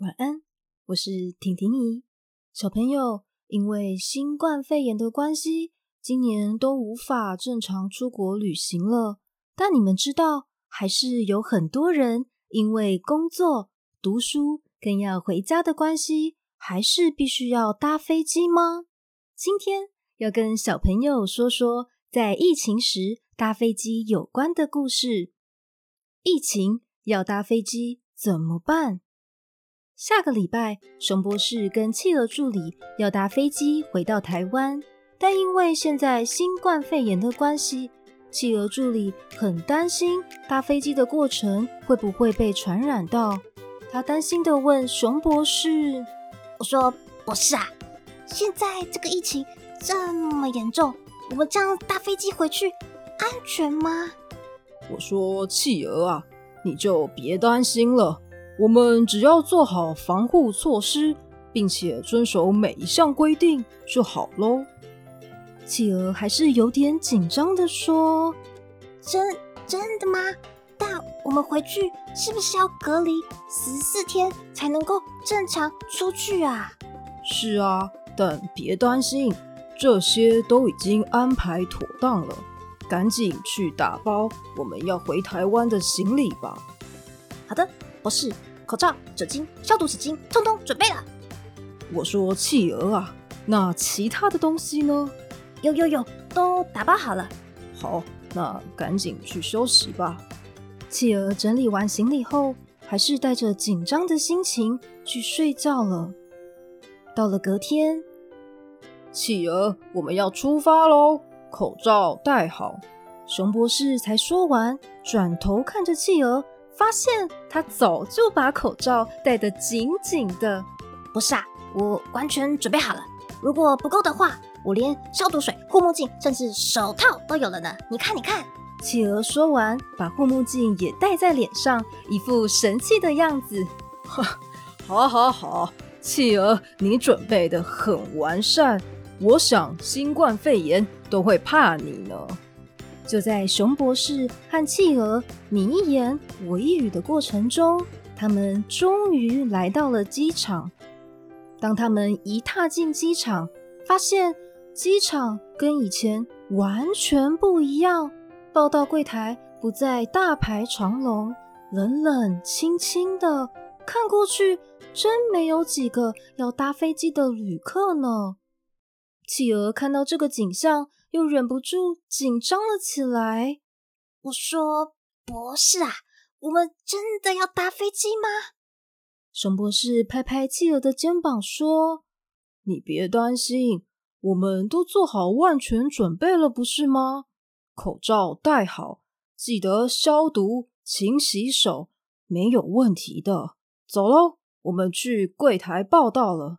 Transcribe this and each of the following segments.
晚安，我是婷婷姨。小朋友，因為新冠肺炎的關係，今年都無法正常出國旅行了。但你們知道，還是有很多人因為工作、讀書，更要回家的關係，還是必須要搭飛機嗎？今天要跟小朋友說說，在疫情時搭飛機有關的故事。疫情，要搭飛機怎麼辦？下個禮拜，熊博士跟企鵝助理要搭飛機回到台灣，但因為現在新冠肺炎的關係，企鵝助理很擔心搭飛機的過程會不會被傳染到。他擔心地問熊博士：“我說，博士啊，現在這個疫情這麼嚴重，我們這樣搭飛機回去安全嗎？”我說：“企鵝啊，你就別擔心了。”我們只要做好防護措施，並且遵守每一項規定就好嘍。企鵝還是有點緊張的說：“真真的嗎？但我們回去是不是要隔離十四天才能夠正常出去啊？”“是啊，但別擔心，這些都已經安排妥當了。趕緊去打包我們要回台灣的行李吧。”“好的，博士。”口罩、紙巾、消毒紙巾，通通準備了。我說企鵝啊，那其他的東西呢？有有有，都打包好了。好，那趕緊去休息吧。企鵝整理完行李後，還是帶着緊張的心情去睡覺了。到了隔天，企鵝，我們要出發嘍！口罩戴好。熊博士才說完，轉頭看着企鵝。發現他早就把口罩戴得緊緊的。不是啊，我完全準備好了。如果不夠的話，我連消毒水、護目鏡，甚至手套都有了呢。你看，你看。企鵝說完，把護目鏡也戴在臉上，一副神氣的樣子。 好，好，好，企鵝，你準備得很完善。我想，新冠肺炎都會怕你呢。就在熊博士和企鵝你一言我一語的過程中，他們終於來到了機場。當他們一踏進機場，發現機場跟以前完全不一樣，報到櫃台不再大排長龍，冷冷清清的，看過去真沒有幾個要搭飛機的旅客呢。企鵝看到這個景象，又忍不住緊張了起來。我說：“博士啊，我們真的要搭飛機嗎？”熊博士拍拍企鵝的肩膀說：“你別擔心，我們都做好萬全準備了，不是嗎？口罩戴好，記得消毒，勤洗手，沒有問題的。走嘍，我們去櫃檯報到了。”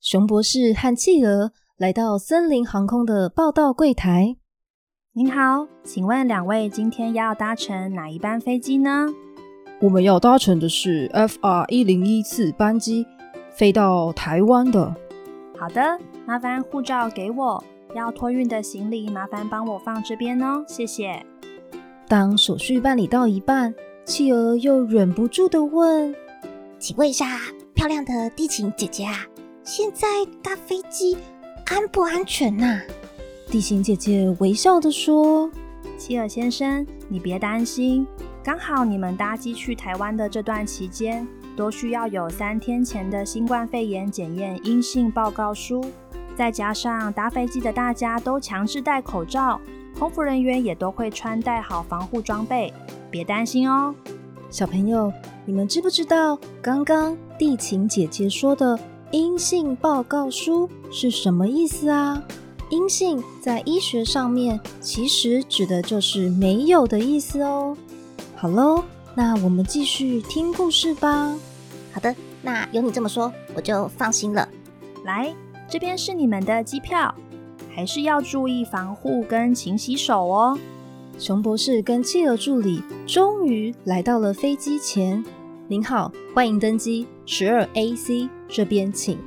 熊博士和企鵝。來到森林航空的報到櫃檯。您好，請問兩位今天要搭乘哪一班飛機呢？我們要搭乘的是 FR 一零一次班機，飛到台灣的。好的，麻煩護照給我。要托運的行李，麻煩幫我放這邊哦，謝謝。當手續辦理到一半，企鵝又忍不住的問：“請問一下，漂亮的地勤姐姐啊，現在搭飛機？”安不安全吶、啊？地勤姐姐微笑的說：“希爾先生，你別擔心，剛好你們搭機去台灣的這段期間，都需要有三天前的新冠肺炎檢驗陰性報告書，再加上搭飛機的大家都強制戴口罩，空服人員也都會穿戴好防護裝備，別擔心哦，小朋友，你們知不知道剛剛地勤姐姐說的？”陰性報告書是什麼意思啊？陰性在醫學上面其實指的就是沒有的意思哦。好嘍，那我們繼續聽故事吧。好的，那有你這麼說，我就放心了。來，這邊是你們的機票，還是要注意防護跟勤洗手哦。熊博士跟企鵝助理終於來到了飛機前。您好，歡迎登機，十二 AC 這邊請。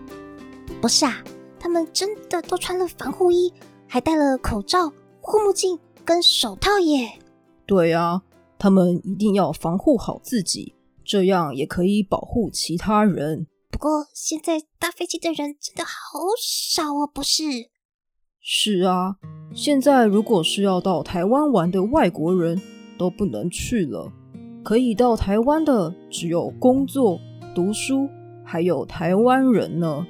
博士啊，他們真的都穿了防護衣，還戴了口罩、護目鏡跟手套耶。對啊，他們一定要防護好自己，這樣也可以保護其他人。不過現在搭飛機的人真的好少哦、啊，博士。是啊，現在如果是要到台灣玩的外國人都不能去了。可以到台灣的只有工作、讀書，還有台灣人呢。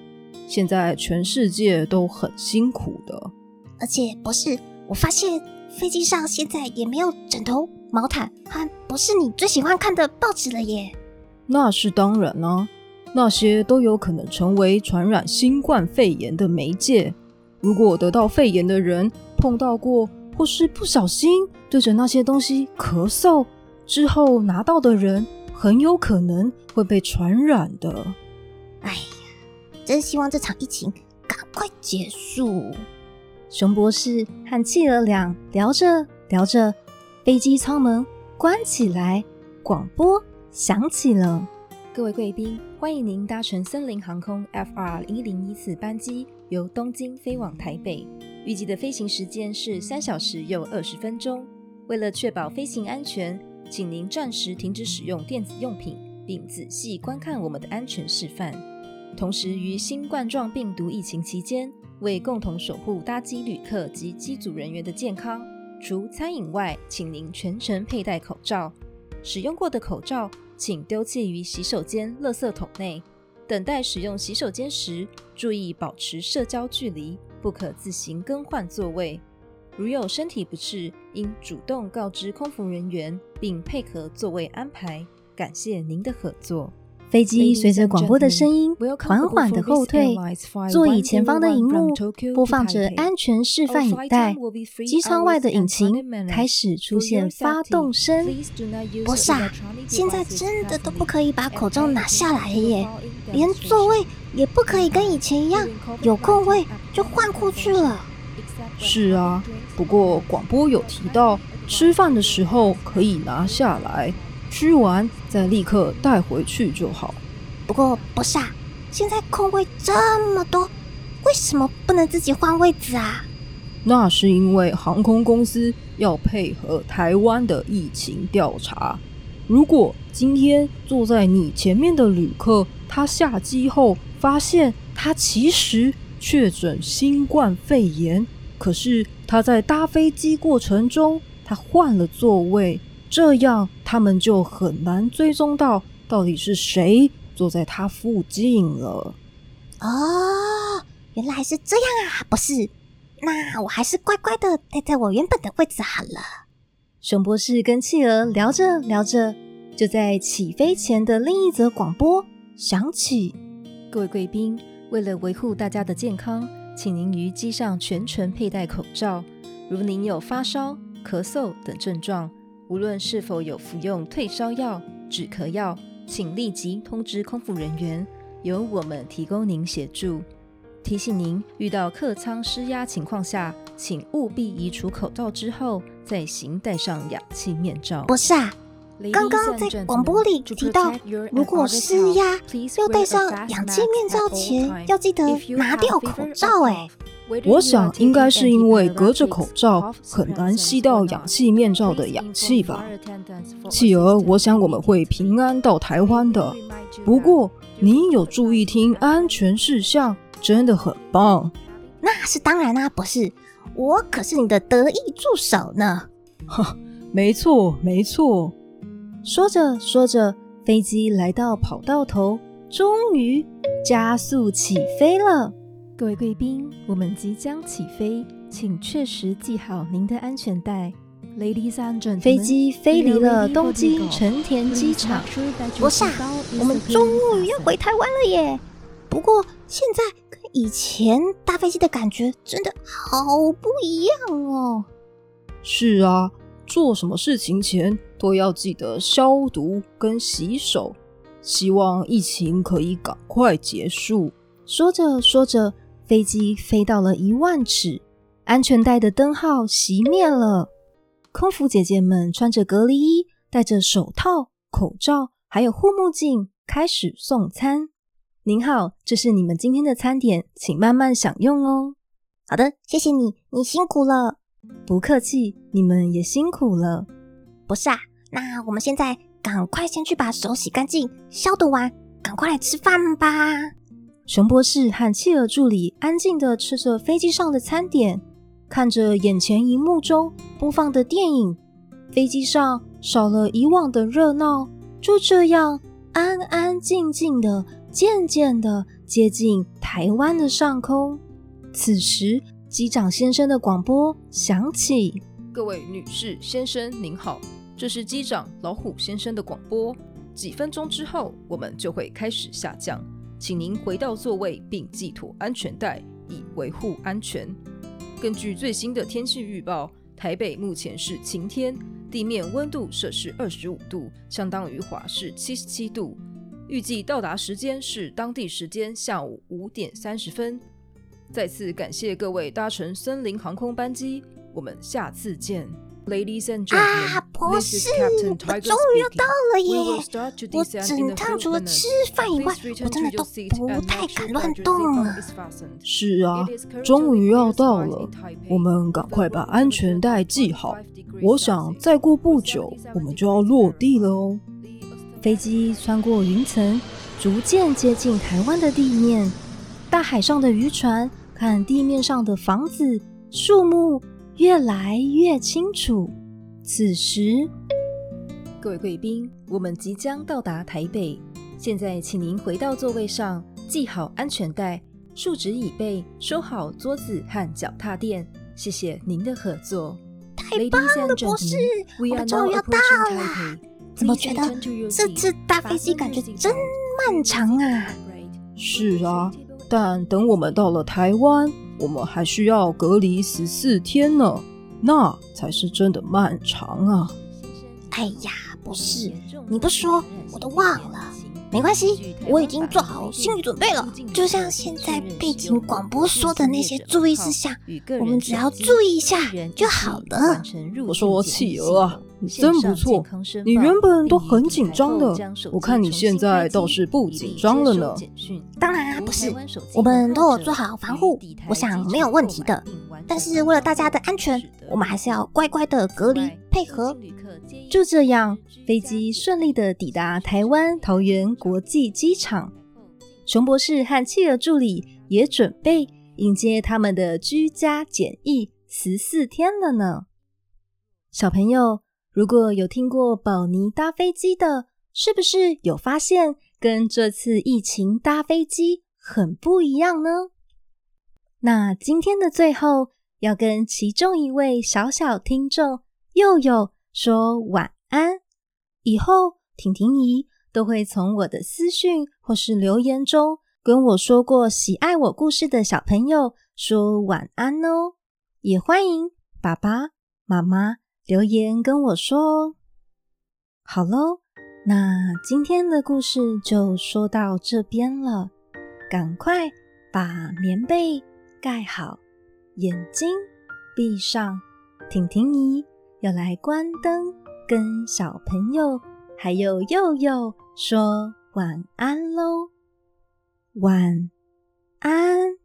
現在全世界都很辛苦的，而且博士，我發現飛機上現在也沒有枕頭、毛毯和博士你最喜歡看的報紙了耶。那是當然啦、啊，那些都有可能成為傳染新冠肺炎的媒介。如果得到肺炎的人碰到過，或是不小心對着那些東西咳嗽。之後拿到的人很有可能會被傳染的。哎呀，真希望這場疫情趕快結束。熊博士和企鵝倆聊着聊着，飛機艙門關起來，廣播響起了：“各位貴賓，歡迎您搭乘森林航空 F R 一零一次班機，由東京飛往台北，預計的飛行時間是三小時又二十分鐘。為了確保飛行安全。”請您暫時停止使用電子用品，並仔細觀看我們的安全示範。同時，於新冠狀病毒疫情期間，為共同守護搭機旅客及機組人員的健康，除餐飲外，請您全程佩戴口罩。使用過的口罩請丟棄於洗手間垃圾桶內。等待使用洗手間時，注意保持社交距離，不可自行更換座位。如有身體不適，應主動告知空服人員，並配合座位安排。感謝您的合作。飛機隨着廣播的聲音，緩緩的後退。座椅前方的熒幕播放着安全示範影帶。北機艙外的引擎開始出現發動聲。博士，現在真的都不可以把口罩拿下來耶，連座位也不可以跟以前一樣，有空位就換過去了。是啊。不過廣播有提到，吃飯的時候可以拿下來，吃完再立刻戴回去就好。不過不是啊，現在空位這麼多，為什麼不能自己換位置啊？那是因為航空公司要配合台灣的疫情調查。如果今天坐在你前面的旅客，他下機後發現他其實確診新冠肺炎，可是，他在搭飛機過程中，他換了座位，這樣他們就很難追蹤到到底是誰坐在他附近了。哦，原來是這樣啊，博士。那我還是乖乖的待在我原本的位置好了。熊博士跟企鵝聊着聊着，就在起飛前的另一則廣播響起：“各位貴賓，為了維護大家的健康，請您於機上全程佩戴口罩。如您有發燒、咳嗽等症狀，無論是否有服用退燒藥、止咳藥，請立即通知空服人員，由我們提供您協助。提醒您，遇到客艙失壓情況下，請務必移除口罩之後再行戴上氧氣面罩。不是啊。剛剛在廣播裡提到，如果失壓要戴上氧氣面罩前，要記得拿掉口罩。哎，我想應該是因為隔着口罩很難吸到氧氣面罩的氧氣吧。企鵝，我想我們會平安到台灣的。不過你有注意聽安全事項，真的很棒。那是當然啦，博士，我可是你的得意助手呢。哈，沒錯，沒錯。說着說着，飛機來到跑道頭，終於加速起飛了。各位貴賓，我們即將起飛，請確實繫好您的安全帶。Ladies and gentlemen，飛機飛離了東京成田機場。哇塞，我們終於要回台灣了耶！不過現在跟以前搭飛機的感覺真的好不一樣哦。是啊，做什麼事情前，都要記得消毒跟洗手，希望疫情可以趕快結束。說着說着，飛機飛到了一萬尺，安全帶的燈號熄滅了。空服姐姐們穿着隔離衣，戴着手套、口罩，還有護目鏡，開始送餐。您好，這是你們今天的餐點，請慢慢享用哦。好的，謝謝你，你辛苦了。不客氣，你們也辛苦了。不是啊。那我們現在趕快先去把手洗乾淨、消毒完，趕快來吃飯吧。熊博士和企鵝助理安靜地吃着飛機上的餐點，看着眼前螢幕中播放的電影。飛機上少了以往的熱鬧，就這樣安安靜靜地漸漸地接近台灣的上空。此時，機長先生的廣播響起：“各位女士、先生，您好。”這是機長老虎先生的廣播。幾分鐘之後，我們就會開始下降，請您回到座位並繫妥安全帶，以維護安全。根據最新的天氣預報，台北目前是晴天，地面溫度攝氏二十五度，相當於華氏七十七度。預計到達時間是當地時間下午五點三十分。再次感謝各位搭乘森林航空班機，我們下次見。啊，博士，我終於要到了耶！我整趟除了吃飯以外，我真的都不太敢亂動了啊。是啊，終於要到了，我們趕快把安全帶繫好。我想再過不久，我們就要落地了哦。飛機穿過雲層，逐漸接近台灣的地面，大海上的漁船，看地面上的房子、樹木，越來越清楚。此時，各位貴賓，我們即將到達台北。現在，請您回到座位上，繫好安全帶，豎直椅背，收好桌子和腳踏墊。謝謝您的合作。太棒了，and 博士，我們終於要到了。taking 怎麼覺得這次搭飛機感覺真漫長啊？是啊，但等我們到了台灣，我們還需要隔離十四天呢，那才是真的漫長啊！哎呀，不是，你不說我都忘了。沒關係，我已經做好心理準備了。就像現在背景廣播說的那些注意事項，我們只要注意一下就好了。我說我企鵝啊。真不錯，你原本都很緊張的，我看你現在倒是不緊張了呢。當然不是，我們都有做好防護，我想沒有問題的。但是為了大家的安全，我們還是要乖乖的隔離配合。此外，就這樣，飛機順利的抵達台灣桃園國際機場，熊博士和企鵝助理也準備迎接他們的居家檢疫十四天了呢。小朋友。如果有聽過寶尼搭飛機的，是不是有發現跟這次疫情搭飛機很不一樣呢？那今天的最後，要跟其中一位小小聽眾佑佑說晚安。以後婷婷姨都會從我的私訊或是留言中跟我說過喜愛我故事的小朋友說晚安哦，也歡迎爸爸、媽媽留言跟我說哦。好嘍，那今天的故事就說到這邊了。趕快把棉被蓋好，眼睛閉上。婷婷姨要來關燈，跟小朋友還有幼幼說晚安嘍。晚安。